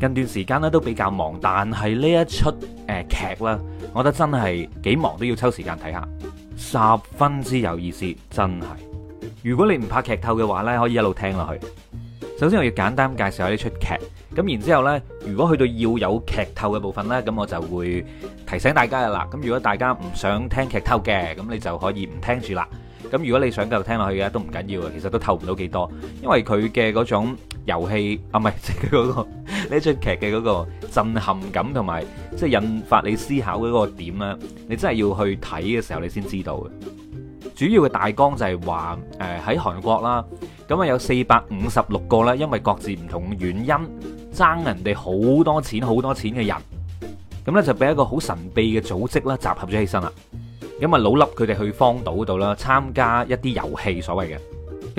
近段時間咧都比較忙，但係呢一出誒、呃、劇咧，我覺得真係幾忙都要抽時間睇下，十分之有意思，真係。如果你唔怕劇透嘅話呢，可以一路聽落去。首先我要簡單介紹下呢出劇，咁然之後呢，如果去到要有劇透嘅部分呢，咁我就會提醒大家嘅啦。咁如果大家唔想聽劇透嘅，咁你就可以唔聽住啦。咁如果你想繼續聽落去嘅都唔緊要嘅，其實都透唔到幾多，因為佢嘅嗰種遊戲啊，唔係即係呢出劇嘅嗰個震撼感同埋，即係引發你思考嗰個點咧，你真係要去睇嘅時候，你先知道嘅。主要嘅大綱就係話，誒、呃、喺韓國啦，咁啊有四百五十六個啦，因為各自唔同原因，爭人哋好多錢好多錢嘅人，咁咧就俾一個好神秘嘅組織啦，集合咗起身啦，咁啊老笠佢哋去荒島度啦，參加一啲遊戲所謂嘅，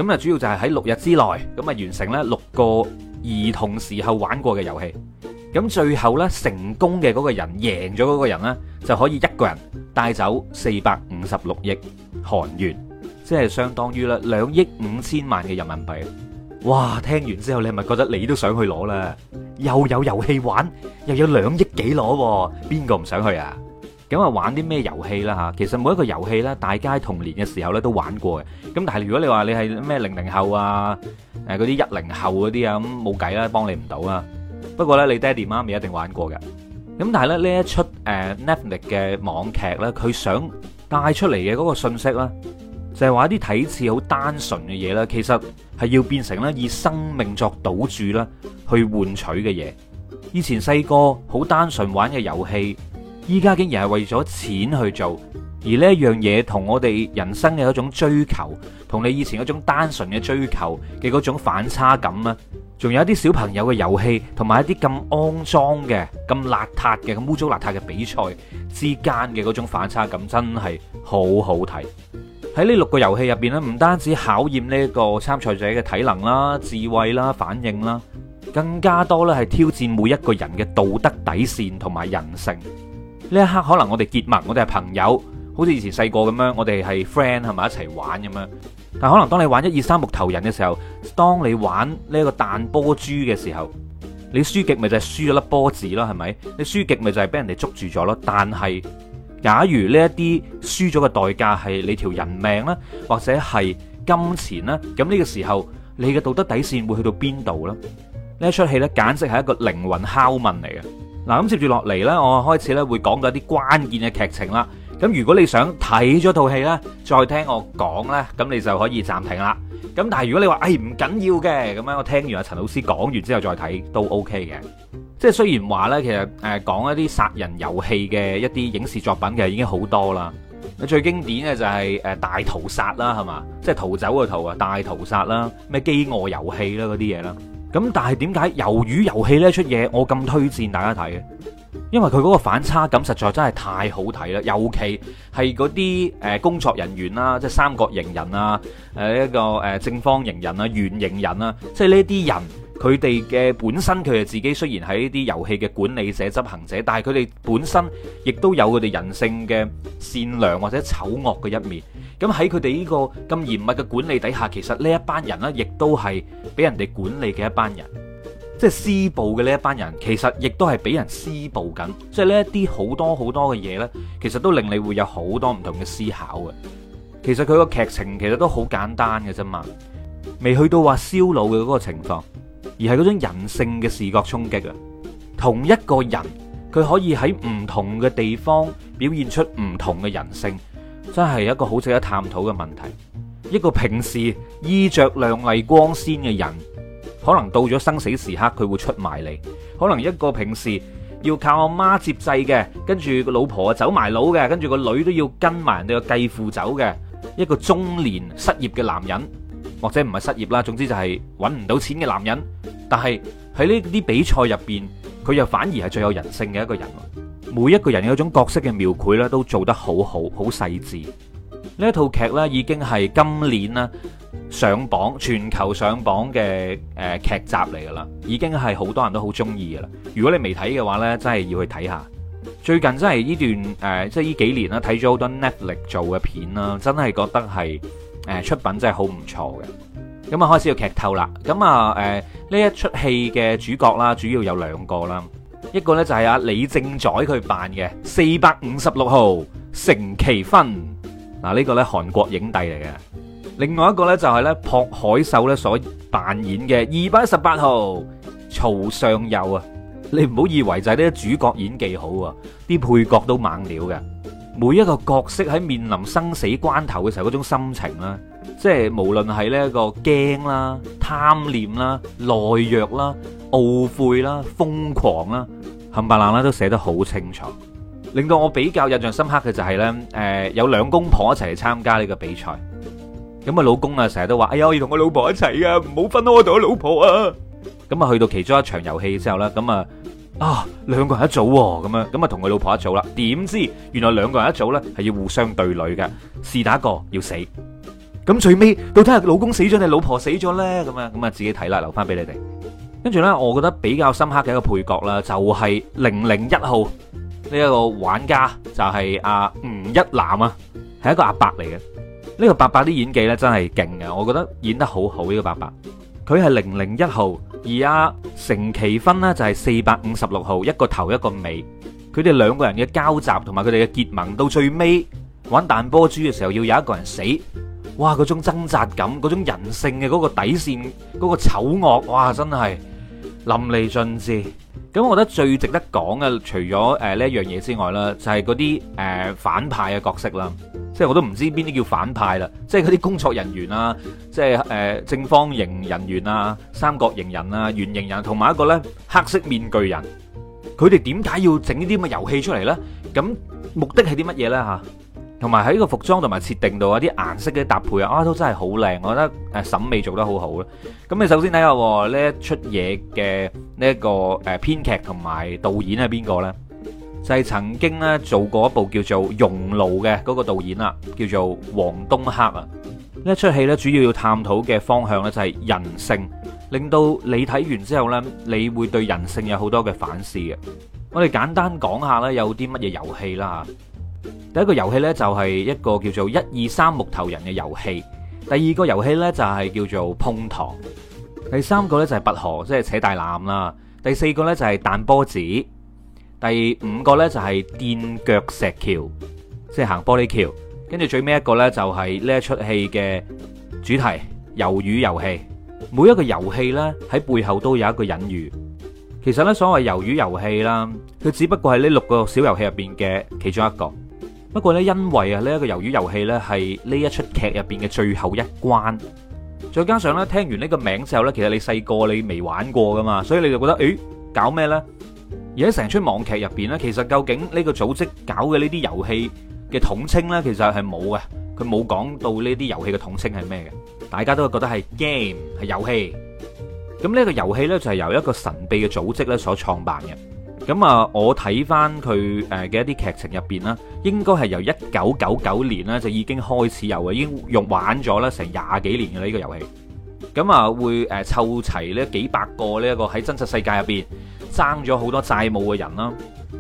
咁啊主要就係喺六日之內，咁啊完成咧六個。兒童時候玩過嘅遊戲，咁最後咧成功嘅嗰個人贏咗嗰個人咧就可以一個人帶走四百五十六億韓元，即係相當於啦兩億五千萬嘅人民幣。哇！聽完之後你係咪覺得你都想去攞啦？又有遊戲玩，又有兩億幾攞喎，邊個唔想去啊？咁啊，玩啲咩遊戲啦吓？其實每一個遊戲咧，大家童年嘅時候咧都玩過嘅。咁但係如果你話你係咩零零後啊，誒嗰啲一零後嗰啲啊，咁冇計啦，幫你唔到啦。不過咧，你爹哋媽咪一定玩過嘅。咁但係咧呢一出誒 Netflix 嘅網劇咧，佢想帶出嚟嘅嗰個信息咧，就係話一啲睇似好單純嘅嘢咧，其實係要變成咧以生命作賭注啦，去換取嘅嘢。以前細個好單純玩嘅遊戲。依家竟然係為咗錢去做，而呢一樣嘢同我哋人生嘅嗰種追求，同你以前嗰種單純嘅追求嘅嗰種反差感咧，仲有一啲小朋友嘅遊戲，同埋一啲咁骯髒嘅、咁邋遢嘅、咁污糟邋遢嘅比賽之間嘅嗰種反差感，真係好好睇。喺呢六個遊戲入邊咧，唔單止考驗呢一個參賽者嘅體能啦、智慧啦、反應啦，更加多呢係挑戰每一個人嘅道德底線同埋人性。呢一刻可能我哋結盟，我哋係朋友，好似以前細個咁樣，我哋係 friend 係咪一齊玩咁樣？但可能當你玩一二三木頭人嘅時候，當你玩呢一個彈波珠嘅時候，你輸極咪就係輸咗粒波子咯，係咪？你輸極咪就係俾人哋捉住咗咯？但係假如呢一啲輸咗嘅代價係你條人命啦，或者係金錢啦，咁呢個時候你嘅道德底線會去到邊度呢？呢一出戲呢，簡直係一個靈魂拷問嚟嘅。嗱，咁接住落嚟咧，我開始咧會講到一啲關鍵嘅劇情啦。咁如果你想睇咗套戲咧，再聽我講咧，咁你就可以暫停啦。咁但係如果你話，誒唔緊要嘅，咁樣我聽完阿陳老師講完之後再睇都 OK 嘅。即係雖然話呢，其實誒講、呃、一啲殺人遊戲嘅一啲影視作品嘅已經好多啦。最經典嘅就係誒大屠殺啦，係嘛，即係逃走嘅逃啊，大屠殺啦，咩饑餓遊戲啦，嗰啲嘢啦。咁但係點解《魷魚遊戲》呢齣嘢，我咁推薦大家睇嘅？因為佢嗰個反差感實在真係太好睇啦！尤其係嗰啲誒工作人員啦，即係三角形人啊，誒一個誒正方形人啊，圓形人啊，即係呢啲人佢哋嘅本身佢哋自己雖然係呢啲遊戲嘅管理者執行者，但係佢哋本身亦都有佢哋人性嘅善良或者醜惡嘅一面。咁喺佢哋呢個咁嚴密嘅管理底下，其實呢一班人呢，亦都係俾人哋管理嘅一班人，即係施暴嘅呢一班人，其實亦都係俾人施暴緊。即係呢一啲好多好多嘅嘢呢，其實都令你會有好多唔同嘅思考嘅。其實佢個劇情其實都好簡單嘅啫嘛，未去到話燒腦嘅嗰個情況，而係嗰種人性嘅視覺衝擊啊。同一個人，佢可以喺唔同嘅地方表現出唔同嘅人性。真係一個好值得探討嘅問題。一個平時衣着亮麗光鮮嘅人，可能到咗生死時刻佢會出埋嚟。可能一個平時要靠阿媽接濟嘅，跟住個老婆走埋佬嘅，跟住個女都要跟埋人哋嘅繼父走嘅，一個中年失業嘅男人，或者唔係失業啦，總之就係揾唔到錢嘅男人。但係喺呢啲比賽入邊，佢又反而係最有人性嘅一個人。每一個人有一種角色嘅描繪咧，都做得好好好細緻。呢一套劇咧，已經係今年咧上榜全球上榜嘅誒劇集嚟噶啦，已經係好多人都好中意噶啦如果你未睇嘅話咧，真係要去睇下。最近真係呢段誒、呃，即係呢幾年啦，睇咗好多 Netflix 做嘅片啦，真係覺得係誒、呃、出品真係好唔錯嘅。咁啊，開始要劇透啦。咁啊，誒、呃、呢一齣戲嘅主角啦，主要有兩個啦。一個呢就係阿李政宰佢扮嘅四百五十六號成奇勳，嗱、這、呢個呢韓國影帝嚟嘅。另外一個呢就係呢朴海秀呢所扮演嘅二百一十八號曹尚佑啊。你唔好以為就係呢啲主角演技好，啊，啲配角都猛料嘅。每一個角色喺面臨生死關頭嘅時候，嗰種心情啦，即係無論係呢個驚啦、貪念啦、懦弱啦，懊悔啦，瘋狂啦，冚唪唥啦，都寫得好清楚，令到我比較印象深刻嘅就係、是、咧，誒、呃、有兩公婆一齊嚟參加呢個比賽，咁啊，老公啊，成日都話，哎呀，我要同我老婆一齊啊，唔好分開我同我老婆啊，咁啊，去到其中一場遊戲之後咧，咁啊，啊兩個人一組喎、哦，咁啊，咁啊，同佢老婆一組啦，點知原來兩個人一組咧係要互相對壘嘅，是打一個要死，咁最尾到底係老公死咗定老婆死咗咧？咁啊，咁啊，自己睇啦，留翻俾你哋。跟住呢，我覺得比較深刻嘅一個配角啦，就係零零一號呢一、這個玩家就、啊，就係阿吳一男啊，係一個阿伯嚟嘅。呢個伯伯啲、這個、演技咧真係勁嘅，我覺得演得好好呢、這個伯伯。佢係零零一號，而阿、啊、成奇芬呢，就係四百五十六號，一個頭一個尾。佢哋兩個人嘅交集同埋佢哋嘅結盟，到最尾玩彈波珠嘅時候要有一個人死。哇！嗰種掙扎感，嗰種人性嘅嗰、那個底線，嗰、那個醜惡，哇！真係～淋漓盡致，咁我覺得最值得講嘅，除咗誒呢一樣嘢之外啦，就係嗰啲誒反派嘅角色啦，即係我都唔知邊啲叫反派啦，即係嗰啲工作人員啊，即係誒正方形人員啊、三角形人啊、圓形人，同埋一個咧黑色面具人，佢哋點解要整呢啲咁嘅遊戲出嚟呢？咁目的係啲乜嘢呢？吓？同埋喺個服裝同埋設定度啊，啲顏色嘅搭配啊，都真係好靚，我覺得誒審美做得好好咯。咁你首先睇下呢一出嘢嘅呢一個誒編劇同埋導演係邊個呢？就係曾經呢做過一部叫做《熔爐》嘅嗰個導演啦，叫做黃東赫啊。呢一出戲呢，主要要探討嘅方向呢，就係人性，令到你睇完之後呢，你會對人性有好多嘅反思嘅。我哋簡單講下啦，有啲乜嘢遊戲啦嚇。第一個遊戲呢，就係、是、一個叫做一二三木頭人嘅遊戲。第二個遊戲呢，就係、是、叫做碰糖。第三個呢，就係、是、拔河，即係扯大纜啦。第四個呢，就係、是、彈波子。第五個呢，就係墊腳石橋，即係行玻璃橋。跟住最尾一個呢，就係、是、呢一出戲嘅主題魷魚遊戲。每一個遊戲呢，喺背後都有一個隱喻。其實呢，所謂魷魚遊戲啦，佢只不過係呢六個小遊戲入邊嘅其中一個。不過咧，因為啊呢一個魷魚遊戲咧係呢一出劇入邊嘅最後一關，再加上咧聽完呢個名之後咧，其實你細個你未玩過噶嘛，所以你就覺得誒搞咩咧？而喺成出網劇入邊咧，其實究竟呢個組織搞嘅呢啲遊戲嘅統稱咧，其實係冇嘅，佢冇講到呢啲遊戲嘅統稱係咩嘅，大家都係覺得係 game 係遊戲。咁呢個遊戲咧就係由一個神秘嘅組織咧所創辦嘅。咁啊，我睇翻佢誒嘅一啲劇情入邊啦，應該係由一九九九年咧就已經開始有，啊已經用玩咗啦成廿幾年嘅呢個遊戲。咁啊，會誒湊齊呢幾百個呢一個喺真實世界入邊爭咗好多債務嘅人啦，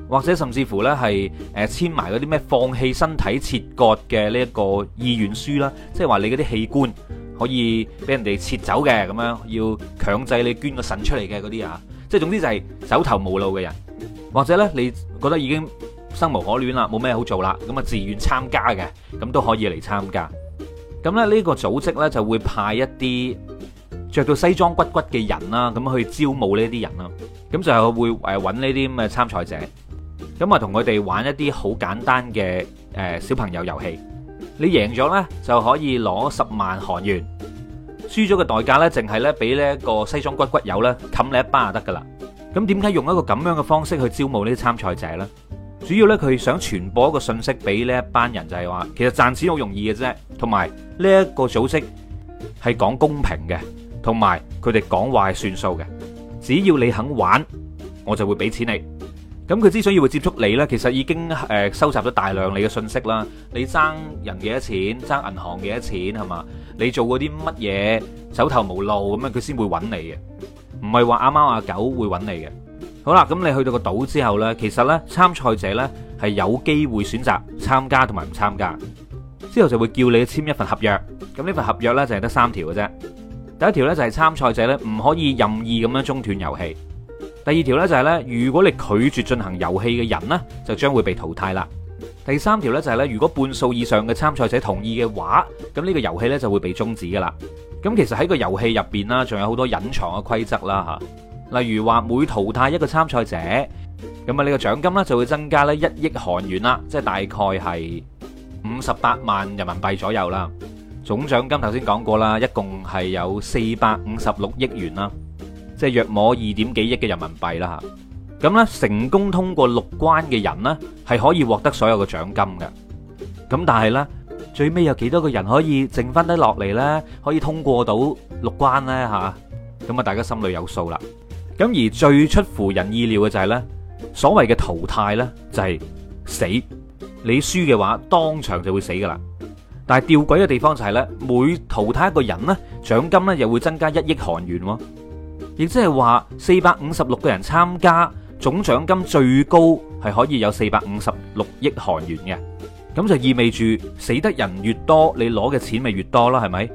或者甚至乎呢係誒簽埋嗰啲咩放棄身體切割嘅呢一個意願書啦，即係話你嗰啲器官可以俾人哋撤走嘅咁樣，要強制你捐個腎出嚟嘅嗰啲啊，即係總之就係走投無路嘅人。或者呢，你覺得已經生無可戀啦，冇咩好做啦，咁啊自願參加，嘅，咁都可以嚟參加。咁咧呢個組織呢，就會派一啲着到西裝骨骨嘅人啦，咁去招募呢啲人啦。咁就係會揾呢啲咁嘅參賽者，咁啊同佢哋玩一啲好簡單嘅誒小朋友遊戲。你贏咗呢，就可以攞十萬韓元，輸咗嘅代價呢，淨係咧俾呢一個西裝骨骨友呢，冚你一巴就得噶啦。咁點解用一個咁樣嘅方式去招募呢啲參賽者咧？主要咧佢想傳播一個信息俾呢一班人，就係話其實賺錢好容易嘅啫。同埋呢一個組織係講公平嘅，同埋佢哋講話係算數嘅。只要你肯玩，我就會俾錢你。咁佢之所以會接觸你咧，其實已經誒收集咗大量你嘅信息啦。你爭人幾多錢，爭銀行幾多錢係嘛？你做過啲乜嘢，走投無路咁樣，佢先會揾你嘅。唔係話阿貓阿狗會揾你嘅。好啦，咁你去到個島之後呢，其實呢參賽者呢係有機會選擇參加同埋唔參加。之後就會叫你簽一份合約。咁呢份合約呢，就係得三條嘅啫。第一條呢，就係參賽者呢唔可以任意咁樣中斷遊戲。第二條呢，就係呢如果你拒絕進行遊戲嘅人呢，就將會被淘汰啦。第三條呢，就係呢如果半數以上嘅參賽者同意嘅話，咁呢個遊戲呢就會被中止噶啦。咁其實喺個遊戲入邊啦，仲有好多隱藏嘅規則啦吓，例如話每淘汰一個參賽者，咁啊你個獎金咧就會增加咧一億韓元啦，即係大概係五十八萬人民幣左右啦。總獎金頭先講過啦，一共係有四百五十六億元啦，即係約摸二點幾億嘅人民幣啦吓。咁咧成功通過六關嘅人呢，係可以獲得所有嘅獎金嘅。咁但係呢。最尾有幾多個人可以剩翻得落嚟呢？可以通過到六關呢？吓？咁啊，大家心裏有數啦。咁而最出乎人意料嘅就係呢所謂嘅淘汰呢，就係死。你輸嘅話，當場就會死噶啦。但係吊詭嘅地方就係呢：每淘汰一個人呢，獎金呢又會增加一億韓元，亦即係話四百五十六個人參加，總獎金最高係可以有四百五十六億韓元嘅。咁就意味住死得人越多，你攞嘅錢咪越多咯，係咪？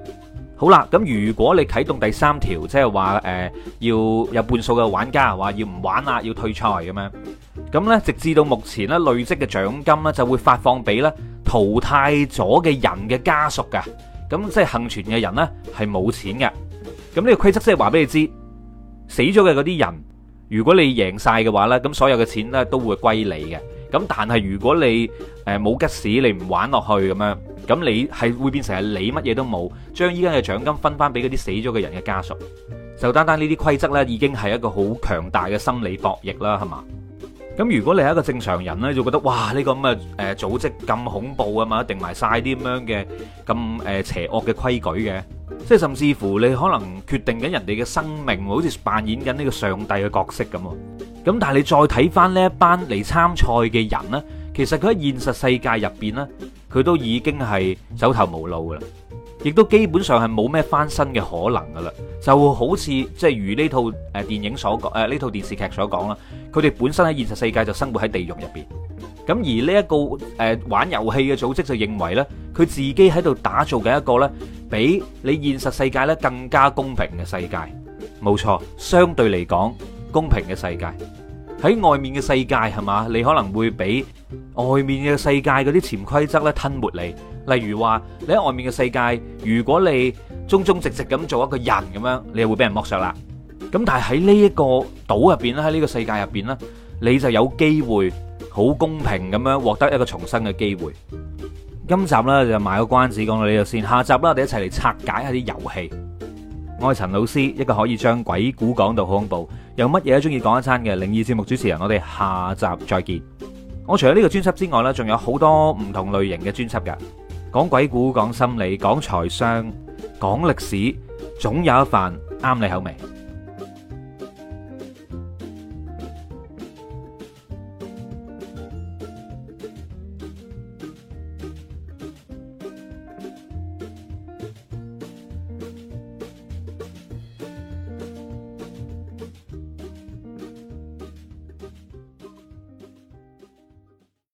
好啦，咁如果你啟動第三條，即係話誒，要有半數嘅玩家話要唔玩啦，要退賽咁樣，咁呢，直至到目前呢累積嘅獎金呢就會發放俾呢淘汰咗嘅人嘅家屬㗎，咁即係幸存嘅人呢係冇錢嘅。咁呢個規則即係話俾你知，死咗嘅嗰啲人，如果你贏晒嘅話呢，咁所有嘅錢呢都會歸你嘅。咁但係如果你誒冇吉士，你唔玩落去咁樣，咁你係會變成係你乜嘢都冇，將依家嘅獎金分返俾嗰啲死咗嘅人嘅家屬，就單單呢啲規則呢，已經係一個好強大嘅心理博弈啦，係嘛？咁如果你係一個正常人呢，就覺得哇呢個咁啊，誒組織咁恐怖啊嘛，定埋晒啲咁樣嘅咁誒邪惡嘅規矩嘅，即係甚至乎你可能決定緊人哋嘅生命，好似扮演緊呢個上帝嘅角色咁。咁但係你再睇翻呢一班嚟參賽嘅人呢，其實佢喺現實世界入邊呢，佢都已經係走投無路噶啦，亦都基本上係冇咩翻身嘅可能噶啦，就好似即係如呢套誒電影所講誒呢套電視劇所講啦，佢哋本身喺現實世界就生活喺地獄入邊，咁而呢一個誒玩遊戲嘅組織就認為呢，佢自己喺度打造嘅一個呢，比你現實世界呢更加公平嘅世界，冇錯，相對嚟講。公平嘅世界喺外面嘅世界係嘛，你可能會俾外面嘅世界嗰啲潛規則咧吞沒你。例如話你喺外面嘅世界，如果你忠忠直直咁做一個人咁樣，你就會俾人剝削啦。咁但係喺呢一個島入邊啦，喺呢個世界入邊呢，你就有機會好公平咁樣獲得一個重生嘅機會。今集呢，就賣個關子講到呢度先，下集啦我哋一齊嚟拆解下啲遊戲。我係陳老師，一個可以將鬼故講到好恐怖，又乜嘢都中意講一餐嘅靈異節目主持人。我哋下集再見。我除咗呢個專輯之外呢，仲有好多唔同類型嘅專輯嘅，講鬼故、講心理、講財商、講歷史，總有一瓣啱你口味。